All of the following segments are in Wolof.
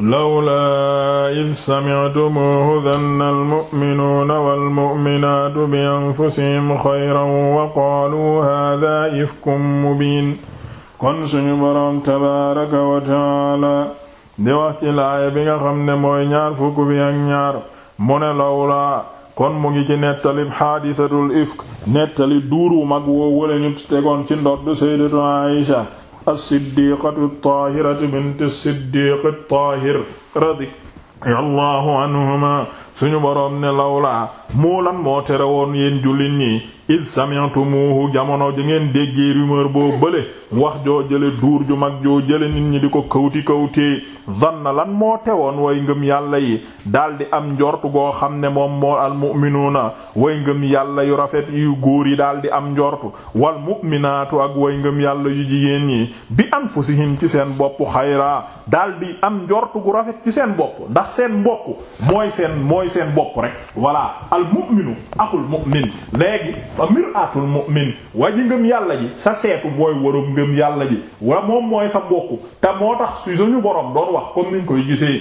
lawlaa id sami'tumuuhu danna almu'minuuna walmu'minaatu bi anfusihim wa qaaluu haadaa ifkum mubiin kon suñu boroom tabaaraka wa taala di wax ci laaya bi nga xam ne mooy ñaar fukk bi ak ñaar mu ne kon mu ngi ci nettalib xaadisatul ifk nettali duuru mag woo wala ñu tegoon ci ndodd sayyidatu Aïsha as-siddiqatu at-tahiratu bint as-siddiq at-tahir radiyallahu anhuma suñu boroom ne lawlaa moo lan moo tere woon yéen jullit ñi id sami'tumuhu jamono ji ngeen déggee rumeur boo bële wax joo jële duur ju mag joo jële nit ñi di ko kawti kawti zanna lan moo woon way ngëm yàlla yi daldi am njort goo xam ne moom moo al mu'minuuna way ngëm yàlla yu rafet yu góor yi daldi am njort wal mu'minaatu ak way ngëm yàlla yu jigéen ñi bi anfusihim ci seen bopp xayra daldi am njort gu rafet ci seen bopp ndax seen mooy seen bopp rek voilà al mu'minu axul mu'min léegi fa mir'atul mu'min waa ji ngëm yàlla ji sa seetu mooy warum ngëm yàlla ji wa moom mooy sa bokk te moo tax su suñu borom doon wax comme niñ koy gisee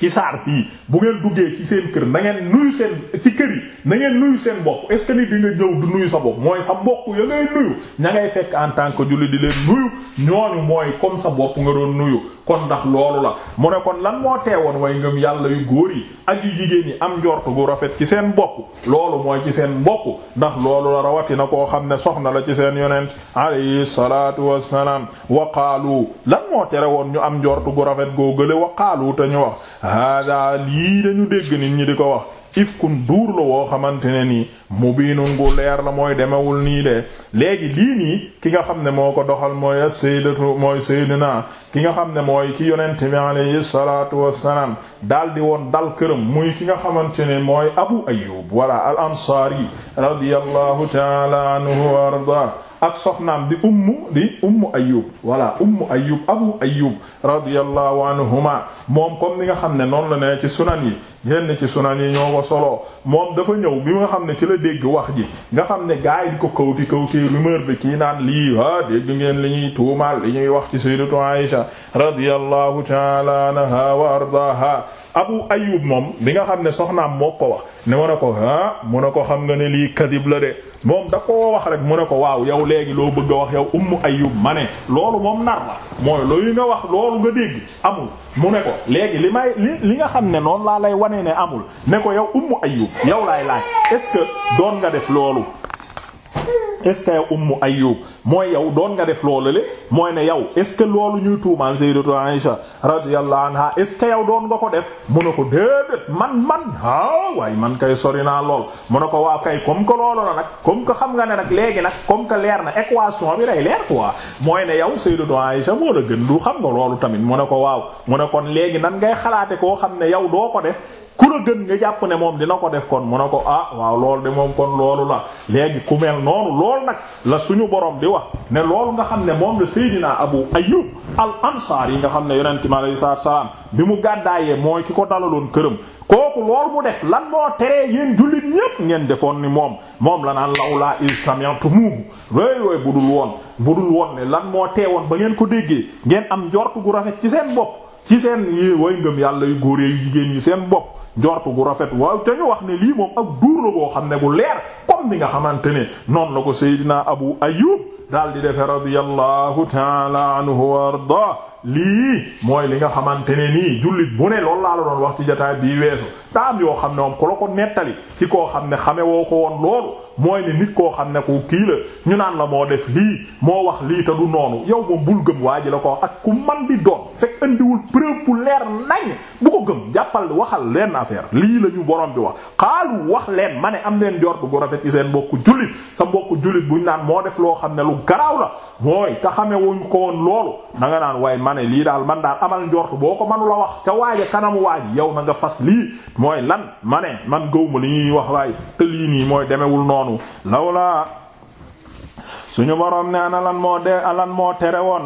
ci saar bii bu ngeen duggee ci seen kër na ngeen nuyu seen ci kër yi na ngeen nuyu seen bopp est-ce que ni di ñëw du nuyu sa bopp mooy sa bopp ya ngay nuyu ña ngay fekk en tant que jullit di leen nuyu ñooñu mooy comme sa bopp nga doon nuyu kon ndax loolu la mu ne kon lan moo teewoon way ngëm yàlla yu góor yi ak yu jigéen yi am njort gu rafet ci seen bopp loolu mooy ci seen bopp ndax loolu la rawatina koo xam ne soxna la ci seen yonent alayhi salaatu wassalaam waqaalu lan moo tere woon ñu am njort gu rafet goo gële waqaalu te ñu wax hada lii dañu dégg nit ñi di ko wax ifkun duur la woo xamante ne nii mubiinun gu leer la mooy demewul nii de léegi lii nii ki nga xam ne moo ko doxal mooy sayyidatu mooy sayyidina ki nga xam ne mooy ki yonent bi alayhi salaatu wassalaam daldi woon dal këram muy ki nga xamante ne mooy Abu Ayyub wala al ansaari radiyallahu ta'ala anhu wa ak soxnaam di ummu di ummu ayub voilà ummu ayub abu ayub radiyallahu anhuma moom comme ni nga xam ne noonu la ne ci sunan yi yenn ci sunan yi ñoo ko soloo moom dafa ñëw bi nga xam ne ci la dégg wax ji nga xam ne gars yi di ko kawti kawti rumeur bi kii naan lii ah dégg ngeen li ñuy tuumaal li ñuy wax ci sayyidatu Aisha radiyallahu ta'ala anha wa ardaha abu ayub moom bi nga xam ne soxnaam moo ko wax ne mu ko ah mu ne ko xam nga ne lii kadib la de moom da koo wax rek mu ne ko waaw yow léegi loo bëgg a wax yow ummu ayub ma ne loolu moom nar la mooy loolu nga wax loolu nga dégg amul mu ne ko léegi li may li li nga xam ne noonu laa lay wane ne amul ne ko yow ummu ayub yow laay laaj est-ce que doon nga def loolu est-ce que yow ayub mooy yow doon nga def loolu le mooy ne yow est que loolu ñuy tuumaan sayyidatu Aisha radiyallahu anha est ce que yow doon nga ko def mu ne ko déedéet man man ah waaye man kay sori naa lool mu ne ko waaw kay comme que loolu la nag comme que xam nga ne nag léegi nag comme que leer na équation bi day leer quoi mooy ne yow sayyidatu Aisha moo la gën du xam nga loolu tamit mu ne ko waaw mu ne kon léegi nan ngay xalaate koo xam ne yow doo ko def ku la gën nga jàpp ne moom dina ko def kon mu ne ko ah waaw loolu de moom kon loolu la léegi ku mel noonu loolu nag la suñu borom di wax ne loolu nga xam ne moom la Seydina Abu Ayyub al Ansaar yi nga xam ne yonent mi alayhi salaatu bi mu gàddaayee mooy ki ko dalaloon këram kooku loolu def lan moo teree yéen jullit ngeen defoon ni moom moom la naan lawlaa iz sami'tumuuhu wéy wooy budul woon budul woon ne lan moo teewoon ba ngeen ko déggee ngeen am njort gu rafet ci seen bopp ci seen yi way ngëm yàlla yu góor yu jigéen ñi seen bopp njort gu rafet waaw te ñu wax ne lii moom ak duur la boo xam ne bu leer comme ni nga xamante ne noon la ko Seydina Abu Ayyub daal di defe radiyallahu taala anhu wa arda lii mooy li nga xamante ne nii jullit bu ne loolu laa la doon wax ci jotaay bii weesu ta am yoo xam ne moom ku la ko nettali ci koo xam ne xame woo ko woon loolu mooy ne nit koo xam ne ku kii la ñu naan la moo def lii moo wax lii te du noonu yow moom bul waa ji la ko ak ku man di doon fekk indiwul preuve bu leer nañ ko gëm jàppal waxal leen affaire lii la ñu borom bi wax xaalu wax leen ma ne am leen jor bu gu rafet seen mbokku jullit sa mbokku jullit buñ naan moo def loo xam ne lu garaaw la mooy te xame ko woon loolu nga naan waaye ma ne lii daal man daal amal njort boo ko mënula wax ca waaja kanamu waaj yow na nga fas lii mooy lan ma man gëwma li ñuy wax waay te lii nii mooy demewul noonu lawla suñu boroom ne ana lan moo de moo tere woon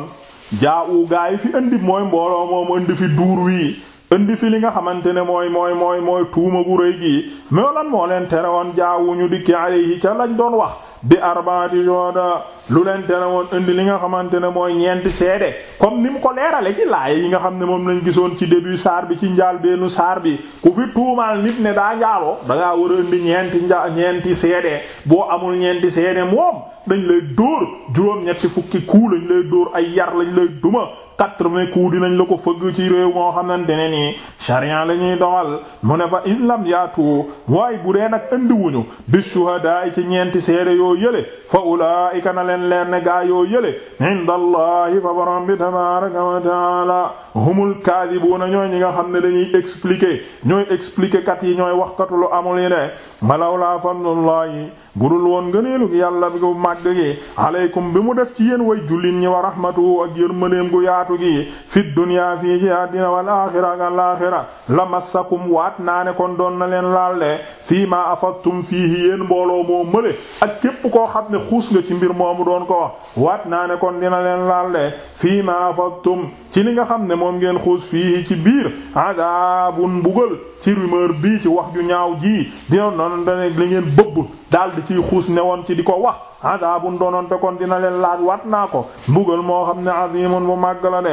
jaa u yi fi indi mooy mbooloo moomu indi fi duur wii ëndi fi li nga xamante ne mooy mooy mooy mooy tuuma gu rëy gii mais lan moo leen tere woon jaa wu ñu dikki alayhi ca lañ doon wax bi arbaati jooda lu leen tere woon indi li nga xamante ne mooy ñeenti seede comme ni mu ko leerale ci laay yi nga xam ne moom lañ gisoon ci début saar bi ci njaal beenu saar bi ku fi tuumaal nit ne daa njaaloo da ngaa war a indi ñeenti nja ñeenti seede boo amul ñeenti seede moom dañ lay dóor juróom-ñetti fukki ku lañ lay dóor ay yar lañ lay duma quatre-vingts coups dinañ la ko fëgg ci réew moo xamante ne nii sharia la ñuy doxal mu ne fa islam yaatu waaye bu dee nag indiwuñu bi shuhadaa ci ñeenti seede yoo yële fa ulaa'ika na leen leer ne gaa yoo yële indallahi fa borom bi tabaaraka wa taala humul kaadibuuna ñooy ñi nga xam ne dañuy expliquer ñooy expliquer kat yi ñooy waxkatu lu amul yi ne malawla fadlullahi budul woon ngëneelu yàlla bi ko màgg gi aleykum bi mu def ci yéen way jullit ñi wa rahmatu ak yërmandeem gu yaatu gi fi dunya fii ci àddina wal axira ak al axira la massakum waat naa ne kon doon na leen laal de fii ma afattum fiihi yéen mbooloo moo mële ak képp koo xam ne xuus nga ci mbir moomu doon ko waat naa ne kon dina leen laal de fii ma afattum ci li nga xam ne moom ngeen xuus fii ci biir adabun mbugal ci rumeur bii ci wax ju ñaaw ji dina noonu li ngeen bëbb daal di ciy xuus woon ci di ko wax adabun doonoonte kon dina leen laaj wat naa ko mbugal moo xam ne azimun bu màgg la de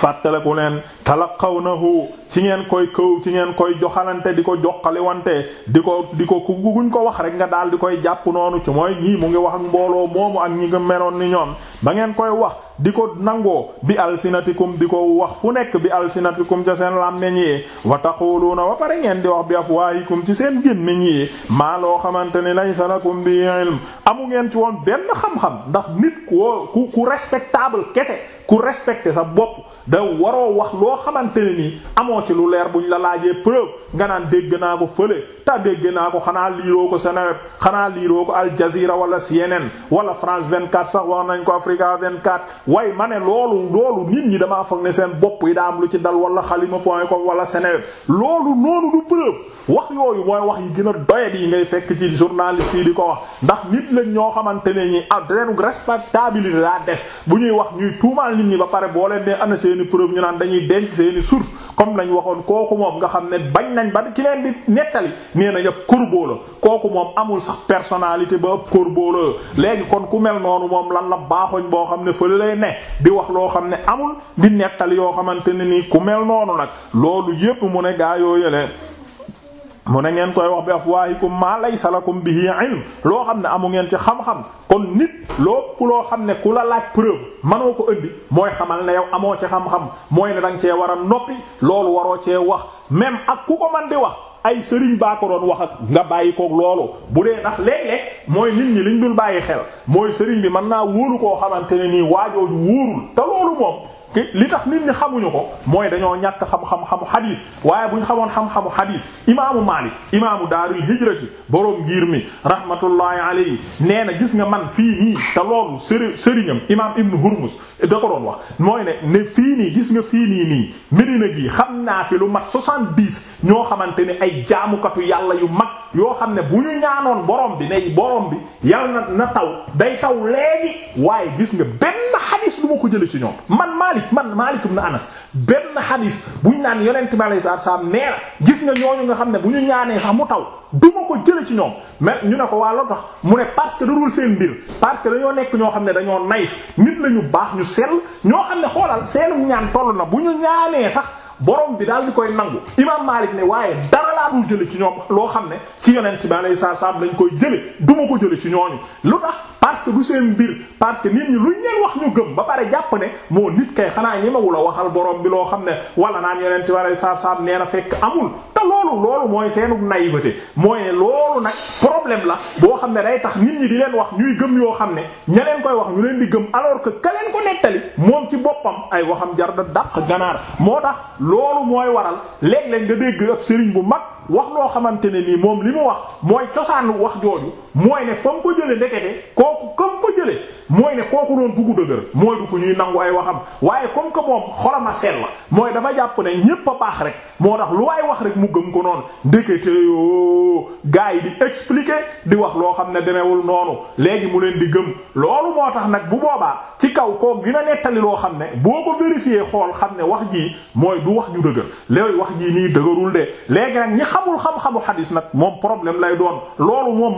fàttaleku leen xaw na talaqawnahu ci ngeen koy kaw ci ngeen koy joxalante di ko joxali wante di ko di ko kuñ ko wax rek nga daal di koy jàpp noonu ci mooy ñii mu ngi wax ak mbooloo moomu ak ñi nga meloon ni ñoom ba ngeen koy wax di ko nangoo bi alsinatikum di ko wax fu nekk bi alsinatikum ca seen làmmiñ yi wa taquluuna wa pare ngeen di wax bi afwaahikum ci seen gémmiñ yi maa loo xamante ni laysa lakum bi ilm amu ngeen ci woon benn xam-xam ndax nit ku ku respectable kese ku respecté sa bopp da waroo wax loo xamante ne nii amoo ci lu leer bu ñu la laajee preuve nga naan dégg naa ko fële ta dégg naa ko xanaa liiroo ko Seneweb xanaa liiroo ko Al Jazeera wala CNN wala France 24 sax wax nañ ko Africa 24 way ma ne loolu loolu nit ñi damaa foog ne seen bopp yi daa am lu ci dal wala xalima point com wala Seneweb loolu noonu du preuve wax yooyu mooy wax yi gën a doyet yi ngay fekk ci journaliste yi di ko wax ndax nit lañ ñoo xamante ne ñi adrenu ah, respectabilité daa des bu ñuy wax ñuy tuumaal nit ñi ba pare seeni preuve ñu naan dañuy denc seeni source comme lañ waxoon kooku moom nga xam ne bañ nañ ba ci leen di nettali nee nañ ab corbeau kooku moom amul sax personnalité ba ab corbeau léegi kon ku mel noonu moom lan la baaxoñ boo xam ne fële lay ne di wax loo xam ne amul di nettali yoo xamante ne nii ku mel noonu nag loolu yépp mu ne gaa yoo yële mu ne ngeen koy wax bi afwaahikum maa laysa lakum bihi ilm loo xam ne amu ngeen ci xam-xam kon nit loo ku loo xam ne ku la laaj preuve manoo ko indi mooy xamal ne yow amoo ci xam-xam mooy ne dang cee waral noppi loolu waroo cee wax même ak ku ko man di wax ay sëriñ baa ko doon wax ak nga bàyyi koog loolu bu dee ndax léeg-léeg mooy nit ñi liñ dul bàyyi xel mooy sëriñ bi mën naa wóolu koo xamante ne nii waajooju wóorul te loolu moom li tax nit ni xamuñu ko mooy dañoo ñàkk xam-xam-xamu xadiis waaye bu ñu xamoon xam-xamu xadiis imaamu Maalik imaamu daarul hijrati boroom ngir mi rahmatullahi alayhi nee na gis nga man fii nii te loolu sëri sëriñam imaam Ibn Hurmuz da ko doon wax mooy ne ne fii nii gis nga fii nii nii Medina gi xam naa fi lu mat soixante-dix ñoo xamante ne ay jaamukatu yàlla yu mag yoo xam ne bu ñu ñaanoon borom bi ne boroom bi yàlla na taw day taw léegi waaye gis nga benn xadiis lu ma ko Malik man Malik ibn Anas benn bu buñ naan yonent bi alayhi salaatu salaam nee na gis nga ñooñu nga xam ne bu ñu ñaanee sax mu taw du ko jële ci ñoom mais ñu ne ko waa loo tax mu ne parce que darul seen mbir parce que dañoo nekk ñoo xam ne dañoo nay nit la ñu baax ñu sell ñoo xam ne xoolal seenu ñaan toll na bu ñu ñaanee sax borom bi daal di koy nangu imaam Malik ne waaye dara laa dul jële ci ñoom loo xam ne ci yonent bi alayhi saab lañ koy jële duma ko jële ci ñooñu parce que du seen mbir parce nit ñi luñ leen wax ñu gëm ba pare jàpp ne moo nit kay xanaa ñemewu la waxal borom bi loo xam ne wala naan yonent ware saab-saab nee na fekk amul te loolu loolu mooy seenu naïveté mooy ne loolu nag problème la boo xam ne day tax nit ñi di leen wax ñuy gëm yoo xam ne ña leen koy wax ñu leen di gëm alors que ka leen ko nettali moom ci boppam ay waxam jar da dàq ganaar moo tax loolu mooy waral léeg-léeg nga dégg ab sëriñ bu mag wax loo xamante ne nii moom li mu wax mooy cosaanu wax jooju mooy ne fa mu ko jëlee ndekete kooku ko jëlee mooy ne kooku doon duggu dëgër mooy du ko ñuy nangu ay waxam waaye comme que moom xolama sell mooy dafa jàpp ne ñépp a baax rek moo tax lu waay wax rek mu gëm ko noonu ndekete yoo gars yi di expliquer di wax loo xam ne demewul noonu léegi mu leen di gëm loolu moo tax nag bu boobaa ci kaw koo dina nettali loo xam ne boo ko vérifier xool xam ne wax jii mooy du wax ju dëgër léegi wax jii nii dëgërul de léegi nag ñi xamul xam-xamu xadiis nag moom problème lay doon loolu moom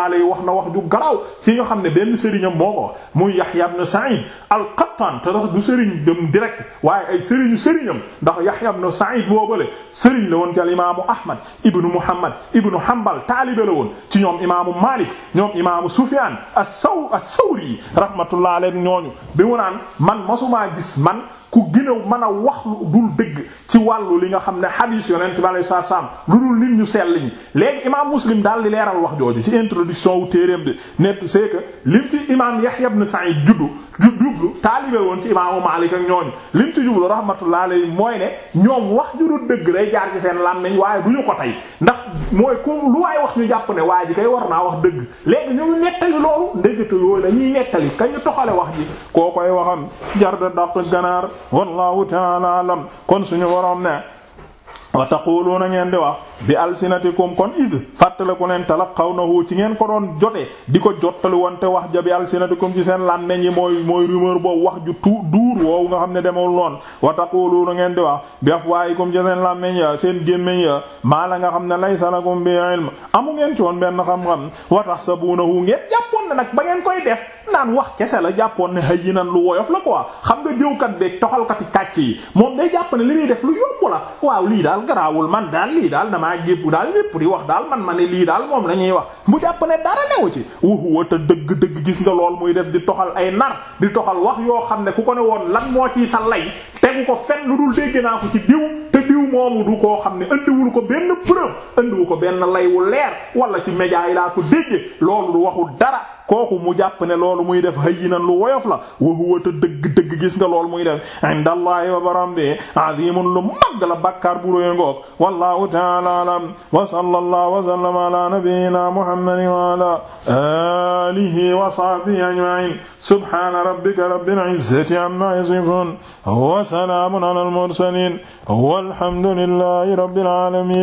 rahmatullah alayhi wax na wax ju garaaw ci nga xam ne benn sëriñam moo ko muy Yahya ibn Sa'id al-Qattan te tax du sëriñ dem direct waaye ay sëriñu sëriñam ndax Yahya ibn Sa'id boobale sëriñ la woon ci al imaamu Ahmad ibnu Muhammad ibnu Hanbal taalibe la woon ci ñoom imaamu Malik ñoom imaamu Sufyan as-Saw as-Sawri rahmatullah alayhi ñooñu bi mu naan man masumaa gis man ku gënaw mën a wax lu dul dëgg ci wàllu li nga xam ne xadiis yonent bi alayhi salaatu salaam lu dul nit ñu sell ñi léegi imaam muslim daal di leeral wax jooju ci introduction wu téereem bi ne c'est que lim ci imaam Yahya ibn Sa'id juddu ju jublu taalibe woon ci imaamu Maalik ak ñooñu lim ci jublu rahmatullah alayhi mooy ne ñoom wax ju dul dëgg day jaar ci seen làmmiñ waaye du ñu ko tey ndax mooy ku lu waay wax ñu jàpp ne waa ji kay war naa wax dëgg léegi ñu nettali loolu ndegete yooyu la ñuy nettali ka ñu toxale wax ji koo koy waxam jar da dàq ganaar wallahu ta'ala alam kon suñu waroom ne wa taquluna ngeen di wax bi alsinatikum kon id fàttale ko leen talaqawnahu ci ngeen ko doon jotee di ko jottali wante wax ja bi alsinatikum ci seen làmmeñ yi mooy mooy rumeur boobu wax ju tu duur woowu nga xam ne demul noon wa taquluuna ngeen di wax bi afwaayikum ci seen làmmeñ ya seen gémmeñ ya maa la nga xam ne laysa lakum bi ilm amu ngeen ci woon benn xam-xam wa tahsabuunahu ngeen jàppoon ne nag ba ngeen koy def naan wax kese la jàppoon ne hayyinan lu woyof la quoi xam nga diwkat beeg yi moom day jàpp li muy def lu yomb ak yëpp daal yëpp di wax daal man ma ne lii daal moom la ñuy wax mu jàpp ne dara newu ci wahuwa te dëgg-dëgg gis nga lool muy def di toxal ay nar di toxal wax yoo xam ne ku ko ne woon lan moo ciy sa lay tegu ko fen lu dul dégg naa ko ci diw te diw moomu du koo xam ne andiwul ko benn preuve andiwu ko benn lay wu leer wala ci média yi laa ko dégge loolu du waxul dara kooku mu jàpp ne loolu muy def hayyinan lu woyof la wa huwa te dëgg-dëgg gis nga loolu muy def indallahi wa baram bi azimun lu mag la bàkkaar bu rëy ngoog wallahu ta'ala alam wa sallallahu wa sallama ala nabiyyina muhammadin wa ala alihi wa sahbihi ajma'in subhana rabbika rabbil izzati amma yasifun wa salamun ala al mursalin walhamdulillahi rabbil alamin